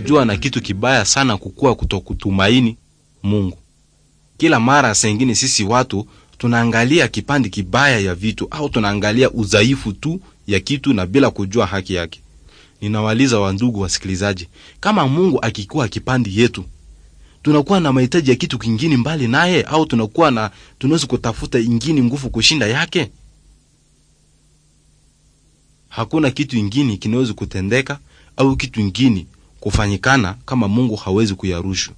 tunajua na kitu kibaya sana kukuwa kutokutumaini Mungu. Kila mara sengine sisi watu tunaangalia kipande kibaya ya vitu au tunaangalia udhaifu tu ya kitu na bila kujua haki yake. Ninawaliza wandugu wasikilizaji, kama Mungu akikuwa kipandi yetu, tunakuwa na mahitaji ya kitu kingine mbali naye, au tunakuwa na tunaweza kutafuta ingine nguvu kushinda yake? Hakuna kitu ingine kinaweza kutendeka au kitu ingine kufanyikana kama Mungu hawezi kuyarusha.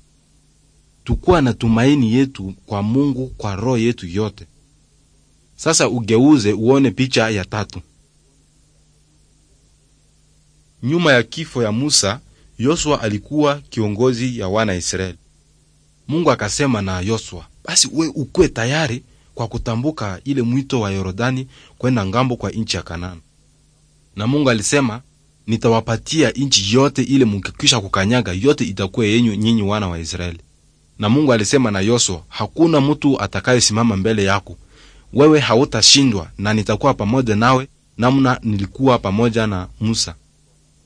Tukuwa na tumaini yetu kwa Mungu kwa roho yetu yote. Sasa ugeuze uone picha ya tatu. Nyuma ya kifo ya Musa, Yosua alikuwa kiongozi ya wana Israeli. Mungu akasema na Yosua, basi uwe ukuwe tayari kwa kutambuka ile mwito wa Yorodani kwenda ngambo kwa nchi ya kanaani Na Mungu alisema nitawapatia nchi yote ile mukikwisha kukanyaga, yote itakuwa yenyu nyinyi wana wa Israeli. Na Mungu alisema na Yosua, hakuna mtu atakayesimama mbele yako wewe, hautashindwa na nitakuwa pamoja nawe, namna nilikuwa pamoja na Musa.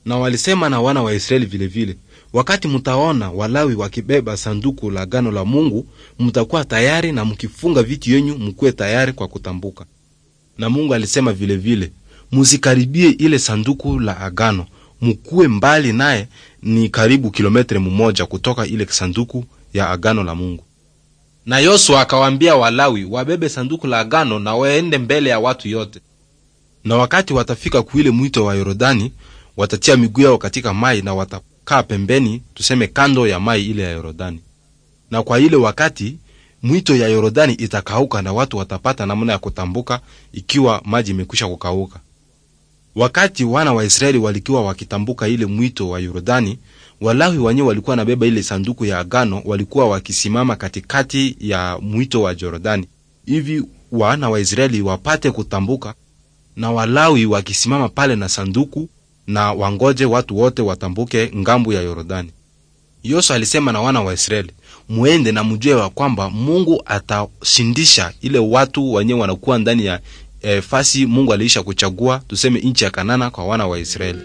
Na walisema na wana wa Israeli vilevile, wakati mutaona Walawi wakibeba sanduku la gano la Mungu, mutakuwa tayari, na mkifunga vitu yenyu mkuwe tayari kwa kutambuka. Na Mungu alisema vilevile vile, musikaribie ile sanduku la agano, mukuwe mbali naye, ni karibu kilometre mmoja kutoka ile sanduku ya agano la Mungu. Na Yosua akawaambia Walawi wabebe sanduku la agano na waende mbele ya watu yote, na wakati watafika kuile mwito wa Yorodani watatia miguu yao katika mai na watakaa pembeni, tuseme kando ya mai ile ya Yorodani. Na kwa ile wakati mwito ya Yorodani itakauka na watu watapata namna ya kutambuka ikiwa maji imekwisha kukauka. Wakati wana wa Israeli walikuwa wakitambuka ile mwito wa Yordani, Walawi wenyewe walikuwa nabeba ile sanduku ya agano, walikuwa wakisimama katikati ya mwito wa Jordani hivi wana wa Israeli wapate kutambuka, na Walawi wakisimama pale na sanduku, na wangoje watu wote watambuke ngambu ya Yordani. Yosu alisema na wana wa Israeli, muende na mjue wa kwamba Mungu atashindisha ile watu wenyewe wanakuwa ndani ya e, fasi Mungu aliisha kuchagua tuseme nchi ya Kanana kwa wana wa Israeli.